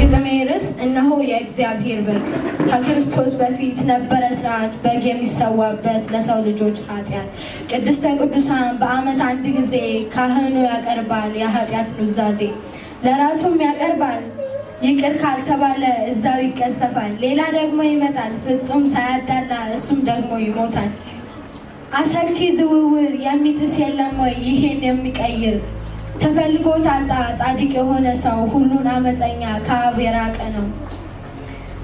የግጥሜ ርዕስ እነሆ የእግዚአብሔር በግ ከክርስቶስ በፊት ነበረ ስርዓት በግ የሚሰዋበት ለሰው ልጆች ኃጢአት። ቅድስተ ቅዱሳን በዓመት አንድ ጊዜ ካህኑ ያቀርባል የኃጢአት ኑዛዜ ለራሱም ያቀርባል ይቅር ካልተባለ እዛው ይቀሰፋል። ሌላ ደግሞ ይመጣል ፍጹም ሳያዳላ እሱም ደግሞ ይሞታል። አሰልቺ ዝውውር የሚጥስ የለም ወይ ይሄን የሚቀይር ተፈልጎ ታጣ ጻድቅ የሆነ ሰው ሁሉን አመፀኛ ከአብ የራቀ ነው።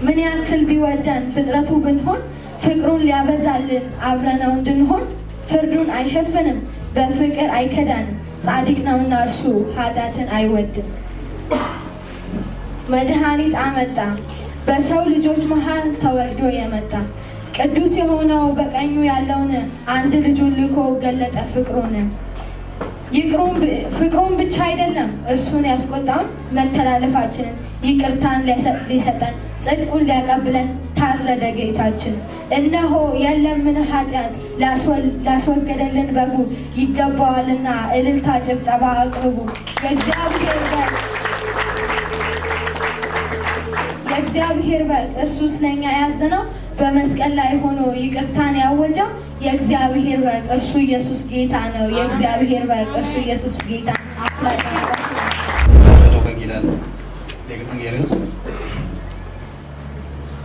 ምን ያክል ቢወደን ፍጥረቱ ብንሆን ፍቅሩን ሊያበዛልን አብረነው እንድንሆን ፍርዱን አይሸፍንም፣ በፍቅር አይከዳንም። ጻድቅ ነውና እርሱ ኃጢአትን አይወድም። መድኃኒት አመጣ በሰው ልጆች መሃል ተወልዶ የመጣ ቅዱስ የሆነው በቀኙ ያለውን አንድ ልጁን ልኮ ገለጠ ፍቅሩን ፍቅሩን ብቻ አይደለም እርሱን ያስቆጣም መተላለፋችንን ይቅርታን ሊሰጠን ጽድቁን ሊያቀብለን ታረደ ጌታችን። እነሆ የለምን ኃጢአት ላስወገደልን በጉ ይገባዋልና እልልታ ጭብጨባ አቅርቡ። የእግዚአብሔር በግ የእግዚአብሔር በግ እርሱ ስለኛ ያዘነው በመስቀል ላይ ሆኖ ይቅርታን ያወጀው የእግዚአብሔር በግ እርሱ ኢየሱስ ጌታ ነው። የእግዚአብሔር በግ እርሱ ኢየሱስ ጌታ ነው በግ ይላል የግጥም ርዕስ።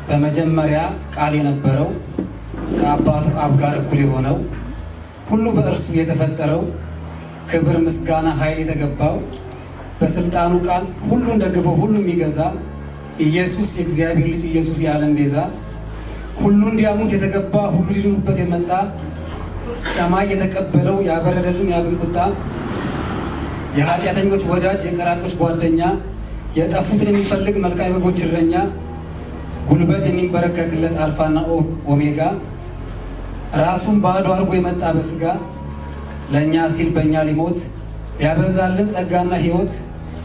በመጀመሪያ ቃል የነበረው ከአባቱ አብ ጋር እኩል የሆነው ሁሉ በእርሱ የተፈጠረው ክብር፣ ምስጋና፣ ኃይል የተገባው በስልጣኑ ቃል ሁሉን ደግፎ ሁሉ የሚገዛ ኢየሱስ የእግዚአብሔር ልጅ ኢየሱስ የዓለም ቤዛ ሁሉ እንዲያሙት የተገባ ሁሉ ሊድኑበት የመጣ ሰማይ የተቀበለው ያበረደልን የአብን ቁጣ የኃጢአተኞች ወዳጅ የቀራጮች ጓደኛ የጠፉትን የሚፈልግ መልካም በጎች እረኛ ጉልበት የሚንበረከክለት አልፋና ኦሜጋ ራሱን ባዶ አድርጎ የመጣ በስጋ ለእኛ ሲል በእኛ ሊሞት ያበዛልን ጸጋና ሕይወት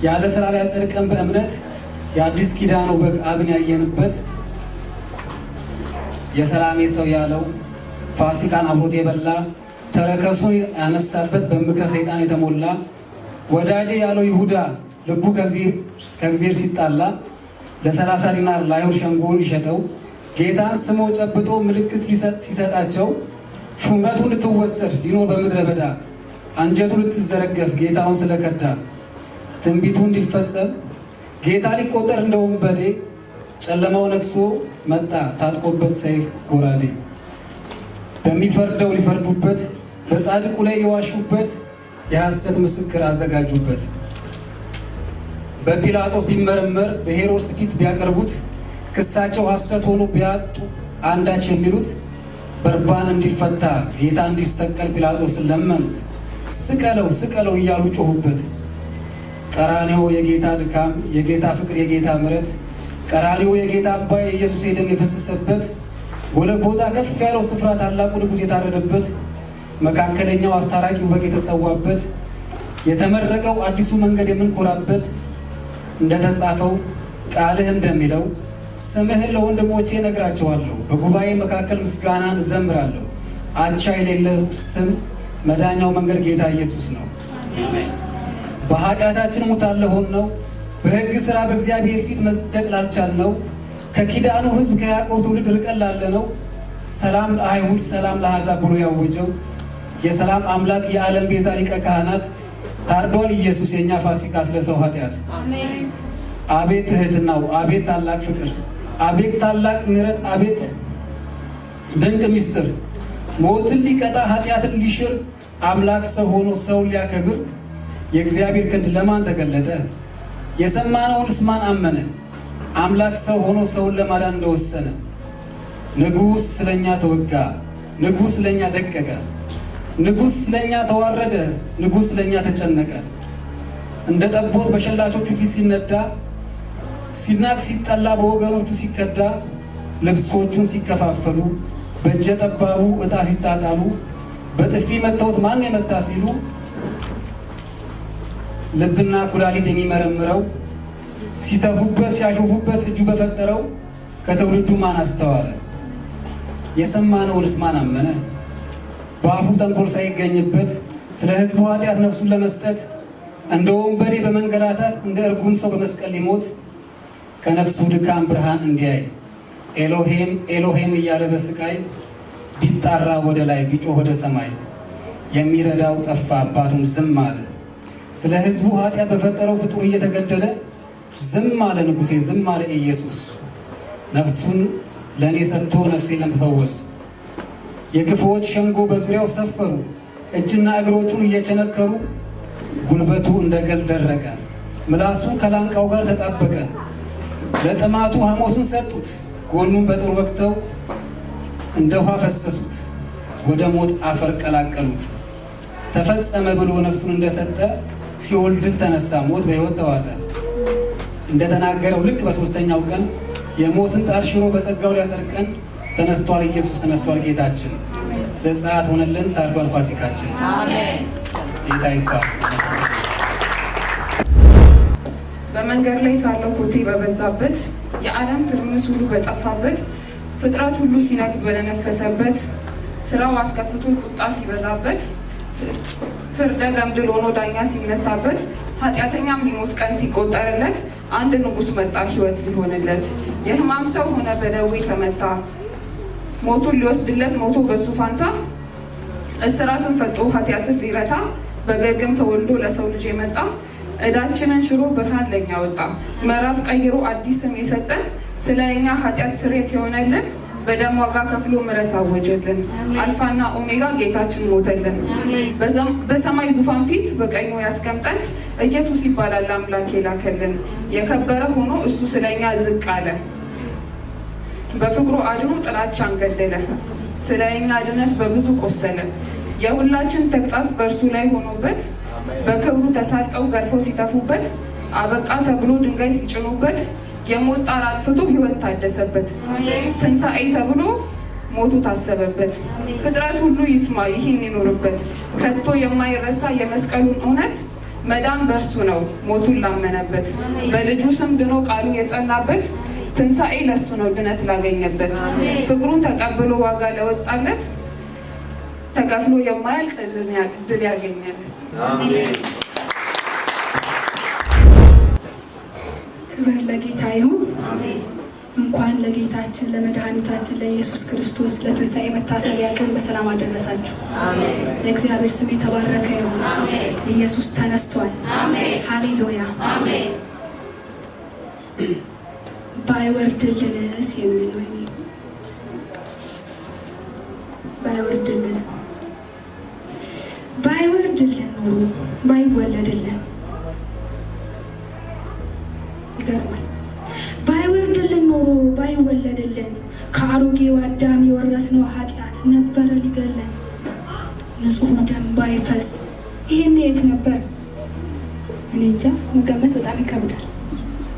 ያለ ስራ ላይ ያጸድቀን በእምነት የአዲስ ኪዳኑ በግ አብን ያየንበት የሰላሜ ሰው ያለው ፋሲካን አብሮት የበላ ተረከሱን ያነሳበት በምክረ ሰይጣን የተሞላ ወዳጄ ያለው ይሁዳ ልቡ ከእግዜር ሲጣላ ለሰላሳ ዲናር ለአይሁድ ሸንጎን ይሸጠው ጌታን ስሞ ጨብጦ ምልክት ሲሰጣቸው ሹመቱ ልትወሰድ ሊኖር በምድረ በዳ አንጀቱ ልትዘረገፍ ጌታውን ስለከዳ ትንቢቱ እንዲፈጸም ጌታ ሊቆጠር በዴ ጨለማው ነግሶ መጣ፣ ታጥቆበት ሰይፍ ጎራዴ። በሚፈርደው ሊፈርዱበት፣ በጻድቁ ላይ የዋሹበት፣ የሐሰት ምስክር አዘጋጁበት። በጲላጦስ ቢመረመር፣ በሄሮድስ ፊት ቢያቀርቡት፣ ክሳቸው ሐሰት ሆኖ ቢያጡ አንዳች የሚሉት፣ በርባን እንዲፈታ ጌታ እንዲሰቀል ጲላጦስን ለመኑት። ስቀለው ስቀለው እያሉ ጮሁበት። ቀራንዮ የጌታ ድካም፣ የጌታ ፍቅር፣ የጌታ ምሕረት ቀራኒው የጌታ አባይ ኢየሱስ የደም የፈሰሰበት ጎልጎታ ከፍ ያለው ስፍራ ታላቁ ንጉሥ የታረደበት መካከለኛው አስታራቂው በግ የተሰዋበት የተመረቀው አዲሱ መንገድ የምንኮራበት እንደተጻፈው ቃልህ እንደሚለው ስምህን ለወንድሞቼ ነግራቸዋለሁ። በጉባኤ መካከል ምስጋናን እዘምራለሁ። አቻ የሌለ ስም መዳኛው መንገድ ጌታ ኢየሱስ ነው። በኃጢአታችን ሙታን ነው በሕግ ሥራ በእግዚአብሔር ፊት መጽደቅ ላልቻልነው ከኪዳኑ ሕዝብ ከያዕቆብ ትውልድ ርቀን ላለነው ሰላም ለአይሁድ ሰላም ለአሕዛብ ብሎ ያወጀው የሰላም አምላክ የዓለም ቤዛ ሊቀ ካህናት ታርዷል ኢየሱስ የእኛ ፋሲካ ስለ ሰው ኃጢአት። አቤት ትህትናው፣ አቤት ታላቅ ፍቅር፣ አቤት ታላቅ ምሕረት፣ አቤት ድንቅ ምስጢር! ሞትን ሊቀጣ ኃጢአትን ሊሽር አምላክ ሰው ሆኖ ሰውን ሊያከብር የእግዚአብሔር ክንድ ለማን ተገለጠ? የሰማነውንስ ማን አመነ? አምላክ ሰው ሆኖ ሰውን ለማዳን እንደወሰነ ንጉሥ ስለኛ ተወጋ፣ ንጉሥ ስለኛ ደቀቀ፣ ንጉሥ ስለኛ ተዋረደ፣ ንጉሥ ስለኛ ተጨነቀ። እንደ ጠቦት በሸላቾቹ ፊት ሲነዳ፣ ሲናቅ፣ ሲጠላ፣ በወገኖቹ ሲከዳ፣ ልብሶቹን ሲከፋፈሉ፣ በእጀ ጠባቡ ዕጣ ሲጣጣሉ፣ በጥፊ መተውት ማን የመታ ሲሉ ልብና ኩላሊት የሚመረምረው ሲተፉበት ሲያሾፉበት እጁ በፈጠረው ከትውልዱ ማን አስተዋለ? የሰማነውንስ ማን አመነ? በአፉ ተንኮል ሳይገኝበት ስለ ሕዝቡ ኃጢአት ነፍሱን ለመስጠት እንደ ወንበዴ በመንገላታት እንደ እርጉም ሰው በመስቀል ሊሞት ከነፍሱ ድካም ብርሃን እንዲያይ ኤሎሄም ኤሎሄም እያለ በስቃይ ቢጣራ ወደ ላይ ቢጮህ ወደ ሰማይ የሚረዳው ጠፋ፣ አባቱም ዝም አለ። ስለ ህዝቡ ኃጢአት በፈጠረው ፍጡር እየተገደለ ዝም አለ ንጉሴ፣ ዝም አለ ኢየሱስ። ነፍሱን ለእኔ ሰጥቶ ነፍሴ ለመፈወስ የግፎዎች ሸንጎ በዙሪያው ሰፈሩ። እጅና እግሮቹን እየቸነከሩ ጉልበቱ እንደ ገል ደረቀ። ምላሱ ከላንቃው ጋር ተጣበቀ። ለጥማቱ ሐሞቱን ሰጡት። ጎኑን በጦር ወቅተው እንደ ውሃ ፈሰሱት። ወደ ሞት አፈር ቀላቀሉት። ተፈጸመ ብሎ ነፍሱን እንደሰጠ ሲኦል ድል ተነሳ፣ ሞት በሕይወት ተዋጠ። እንደተናገረው ልክ በሶስተኛው ቀን የሞትን ጣር ሽሮ በጸጋው ሊያጸድቀን ተነስቷል። ኢየሱስ ተነስቷል። ጌታችን ዘጸአት ሆነልን፣ ታርዷል ፋሲካችን። ጌታ ይባል። በመንገድ ላይ ሳለው ኮቴ በበዛበት የዓለም ትርምስ ሁሉ በጠፋበት ፍጥረት ሁሉ ሲነግድ በለነፈሰበት ስራው አስከፍቶ ቁጣ ሲበዛበት ፍርደ ገምድል ሆኖ ዳኛ ሲነሳበት ኃጢአተኛም ሊሞት ቀን ሲቆጠርለት አንድ ንጉሥ መጣ ህይወት ሊሆንለት የህማም ሰው ሆነ በደዌ ተመታ ሞቱን ሊወስድለት ሞቶ በሱ ፋንታ እስራትን ፈጦ ኃጢአትን ሊረታ በገግም ተወልዶ ለሰው ልጅ የመጣ እዳችንን ሽሮ ብርሃን ለእኛ ወጣ ምዕራፍ ቀይሮ አዲስ ስም የሰጠን ስለ እኛ ኃጢአት ስሬት የሆነልን በደም ዋጋ ከፍሎ ምረት አወጀልን። አልፋና ኦሜጋ ጌታችን ሞተልን። በሰማይ ዙፋን ፊት በቀኙ ያስቀምጠን። ኢየሱስ ይባላል አምላክ የላከልን። የከበረ ሆኖ እሱ ስለኛ ዝቅ አለ። በፍቅሩ አድኖ ጥላቻን ገደለ። ስለ እኛ ድነት በብዙ ቆሰለ። የሁላችን ተግጻጽ በእርሱ ላይ ሆኖበት በክብሩ ተሳልቀው ገርፈው ሲተፉበት አበቃ ተብሎ ድንጋይ ሲጭኑበት የሞት ጣር አጥፍቶ ህይወት ታደሰበት። ትንሣኤ ተብሎ ሞቱ ታሰበበት። ፍጥረት ሁሉ ይስማ ይህን ይኖርበት። ከቶ የማይረሳ የመስቀሉን እውነት መዳን በእርሱ ነው ሞቱን ላመነበት። በልጁ ስም ድኖ ቃሉ የጸናበት ትንሣኤ ለሱ ነው ድነት ላገኘበት። ፍቅሩን ተቀብሎ ዋጋ ለወጣለት ተከፍሎ የማያልቅ ድል ያገኛለት። ክብር ለጌታ ይሁን። እንኳን ለጌታችን ለመድኃኒታችን ለኢየሱስ ክርስቶስ ለትንሣኤ መታሰቢያ ቀን በሰላም አደረሳችሁ። የእግዚአብሔር ስም የተባረከ ይሁን። ኢየሱስ ተነስቷል። ሀሌሉያ። ባይወርድልንስ የሚል ነው። ባይወርድልን ባይወርድልን ኑሮ ባይወለድልን ይገርማል። ባይወርድልን ኖሮ ባይወለድልን ከአሮጌው አዳም የወረስነው ኃጢአት ነበረ ሊገለን ንጹህ ደም ባይፈስ ይህን የት ነበር? እኔ እንጃ። መገመት በጣም ይከብዳል።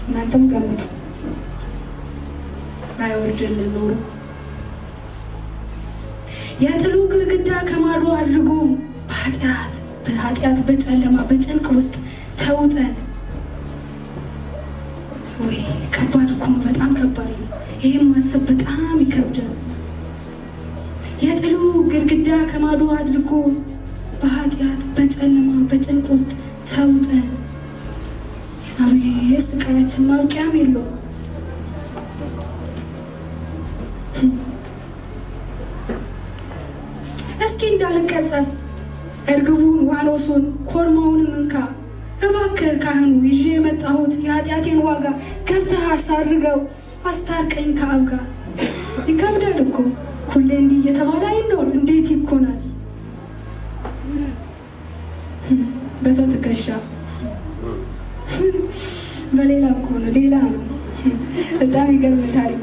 እናንተም ገምቱ። ባይወርድልን ኖሮ የጥሉ ግርግዳ ከማዶ አድርጎ በኃጢአት በኃጢአት በጨለማ በጭንቅ ውስጥ ተውጠን ወይ ከባድ እኮ ነው፣ በጣም ከባድ ነው። ይህም ማሰብ በጣም ይከብዳል። የጥሉ ግድግዳ ከማዶ አድርጎ በኃጢአት በጨለማ በጭንቅ ውስጥ ተውጠን አቤት ስቃያችን ማብቂያም የለው እስኪ እንዳልቀጸፍ እርግቡን ዋኖሱን ኮርማውንም እንካ እባክህ ካህኑ ይዤ የመጣሁት የኃጢአቴን ዋጋ ገብተህ አሳርገው፣ አስታርቀኝ ከአብ ጋር። ይከብዳል እኮ ሁሌ እንዲህ እየተባለ አይኖር። እንዴት ይኮናል? በሰው ትከሻ በሌላ እኮ ነው፣ ሌላ ነው። በጣም ይገርም ታሪክ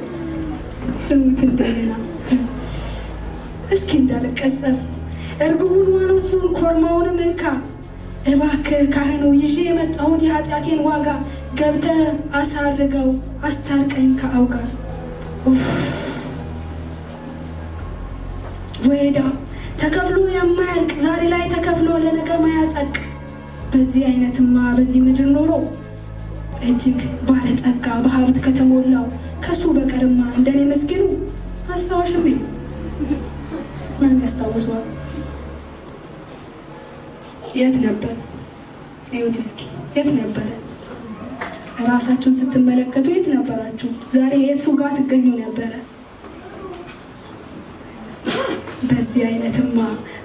ስሙት። እንደገና እስኪ እንዳለቀሰፍ እርግቡን ዋኖሱን ኮርማውንም እንካ እባክህ ካህኑ ይዤ የመጣሁት የኃጢአቴን ዋጋ ገብተህ አሳርገው አስታርቀኝ ከአው ጋር። ወይዳ ተከፍሎ የማያልቅ ዛሬ ላይ ተከፍሎ ለነገ ማያጸድቅ በዚህ አይነትማ በዚህ ምድር ኖሮ እጅግ ባለጠጋ በሀብት ከተሞላው ከሱ በቀርማ እንደኔ ምስኪኑ አስታዋሽም የለም። ማን ያስታውሰዋል? የት ነበረ? እዩት እስኪ የት ነበረ? ራሳችሁን ስትመለከቱ የት ነበራችሁ? ዛሬ የት ጋር ትገኙ ነበረ? በዚህ አይነትማ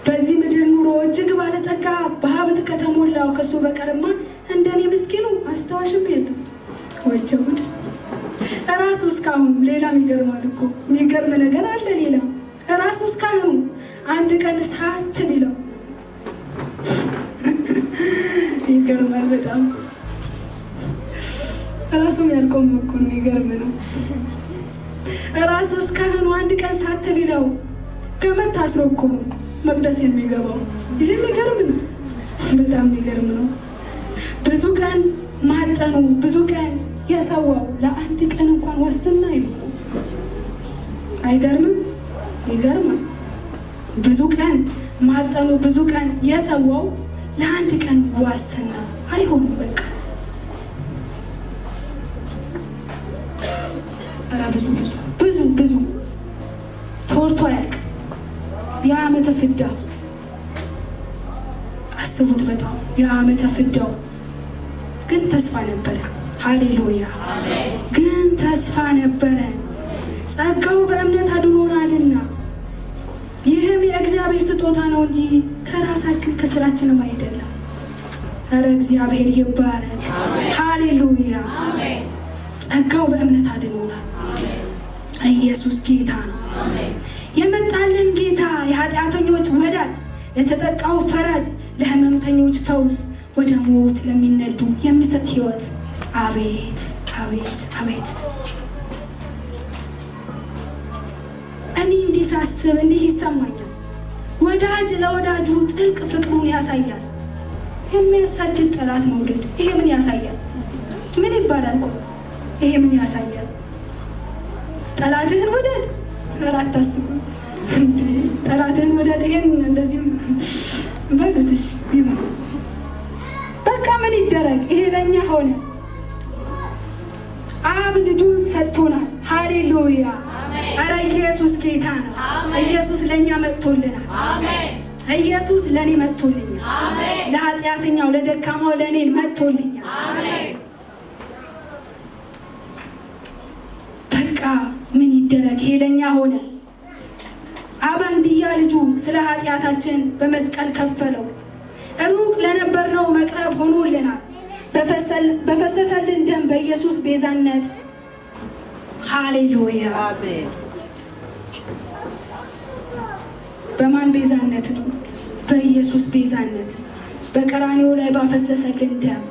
በዚህ ምድር ኑሮ እጅግ ባለጠጋ በሀብት ከተሞላው ከሱ በቀርማ እንደኔ ምስኪኑ አስታዋሽም የለም። ወጀ ጉድ እራሱ እስካሁኑ። ሌላ ይገርማል እኮ የሚገርም ነገር አለ ሌላ እራሱ እስካሁኑ አንድ ቀን ሳት ቢለው ይገርማል። በጣም ራሱን ያልቆም እኮ የሚገርም ነው። ራሱ እስካሁኑ አንድ ቀን ሳትብለው ገመድ ታስሮ እኮ ነው መቅደስ የሚገባው። ይህ የሚገርም ነው። በጣም የሚገርም ነው። ብዙ ቀን ማጠኑ፣ ብዙ ቀን የሰዋው ለአንድ ቀን እንኳን ዋስትና ይ አይገርምም? ይገርማል። ብዙ ቀን ማጠኑ፣ ብዙ ቀን የሰዋው ለአንድ ቀን ዋስትና አይሆንም። በቃ ኧረ ብዙ ብዙ ብዙ ብዙ ተወርቶ ያልቅ የአመተ ፍዳ አስቡት፣ በጣም የአመተ ፍዳው ግን ተስፋ ነበረ። ሃሌሉያ! ግን ተስፋ ነበረ። ጸጋው በእምነት አድኖናልና ይህም የእግዚአብሔር ስጦታ ነው እንጂ ከራሳችን ከስራችንም አይደለም። እረ እግዚአብሔር ይባረክ። ሃሌሉያ። ጸጋው በእምነት አድኖናል። ኢየሱስ ጌታ ነው። የመጣልን ጌታ፣ የኃጢአተኞች ወዳጅ፣ ለተጠቃው ፈራጅ፣ ለህመምተኞች ፈውስ፣ ወደ ሞት ለሚነዱ የሚሰጥ ህይወት አቤት አቤት አቤት! እኔ እንዲህ ሳስብ እንዲህ ይሰማኛል። ወዳጅ ለወዳጁ ጥልቅ ፍቅሩን ያሳያል። የሚያሳድድ ጠላት መውደድ፣ ይሄ ምን ያሳያል? ምን ይባላል? ቆይ ይሄ ምን ያሳያል? ጠላትህን ውደድ። ኧረ አታስቡ፣ ጠላትህን ውደድ። ይሄን እንደዚህም በሉትሽ በቃ ምን ይደረግ? ይሄ ለእኛ ሆነ። አብ ልጁን ሰጥቶናል። ሃሌሉያ ኧረ ኢየሱስ ጌታ ነው። ኢየሱስ ለእኛ መጥቶልናል። ኢየሱስ ለእኔ መጥቶልኛል። ለኃጢአተኛው ለደካማው ለእኔ መጥቶልኛል። በቃ ምን ይደረግ ይሄ ሆነ። አባንድያ ልጁ ስለ ኃጢአታችን በመስቀል ከፈለው። ሩቅ ለነበርነው መቅረብ ሆኖልናል። በፈሰሰልን ደም በኢየሱስ ቤዛነት ሃሌሉያ። በማን ቤዛነት ነው? በኢየሱስ ቤዛነት በቀራኔው ላይ ባፈሰሰልን ደም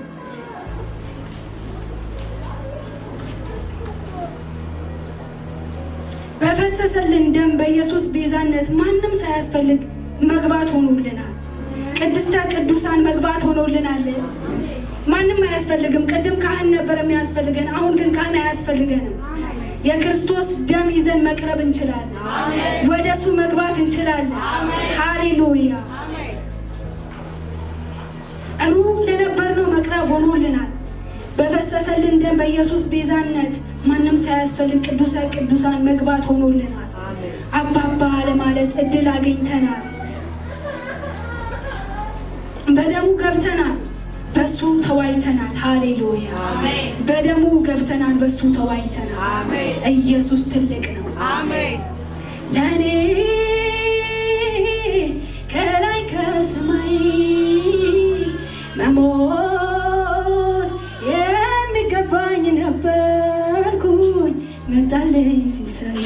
በፈሰሰልን ደም በኢየሱስ ቤዛነት ማንም ሳያስፈልግ መግባት ሆኖልናል። ቅድስተ ቅዱሳን መግባት ሆኖልናል። ማንም አያስፈልግም። ቅድም ካህን ነበር የሚያስፈልገን፣ አሁን ግን ካህን አያስፈልገንም። የክርስቶስ ደም ይዘን መቅረብ እንችላለን። ወደ እሱ መግባት እንችላለን። ሃሌሉያ! ለነበር ነው መቅረብ ሆኖልናል። በፈሰሰልን ደም በኢየሱስ ቤዛነት ማንም ሳያስፈልግ ቅዱሰ ቅዱሳን መግባት ሆኖልናል። አባባ ለማለት እድል አግኝተናል። በደሙ ገብተናል። በሱ ተዋይተናል። ሃሌሉያ! በደሙ ገብተናል። በሱ ተዋይተናል። ኢየሱስ ትልቅ ነው። ለእኔ ከላይ ከሰማይ መሞት የሚገባኝ ነበርኩኝ መጣለኝ ሲሳይ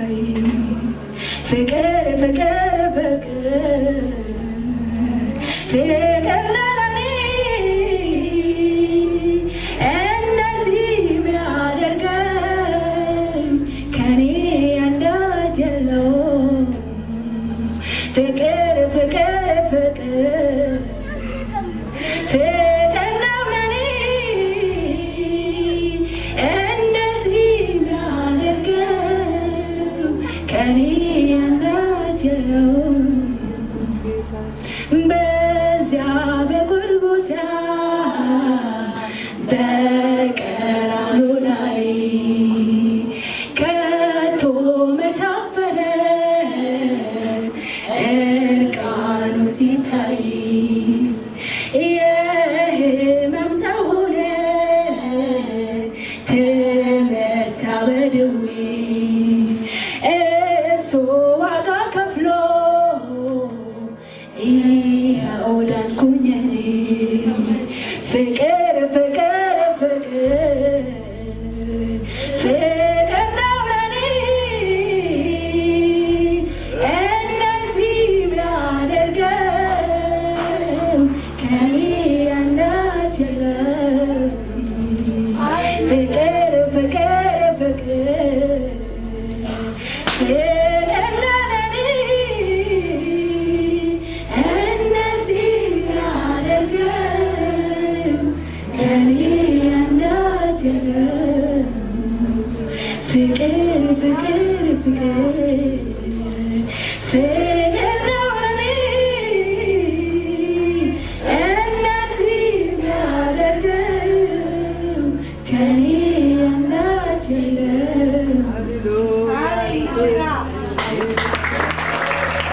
Forget it. Forget it. Forget it. Maria Angelou. Organkampflos.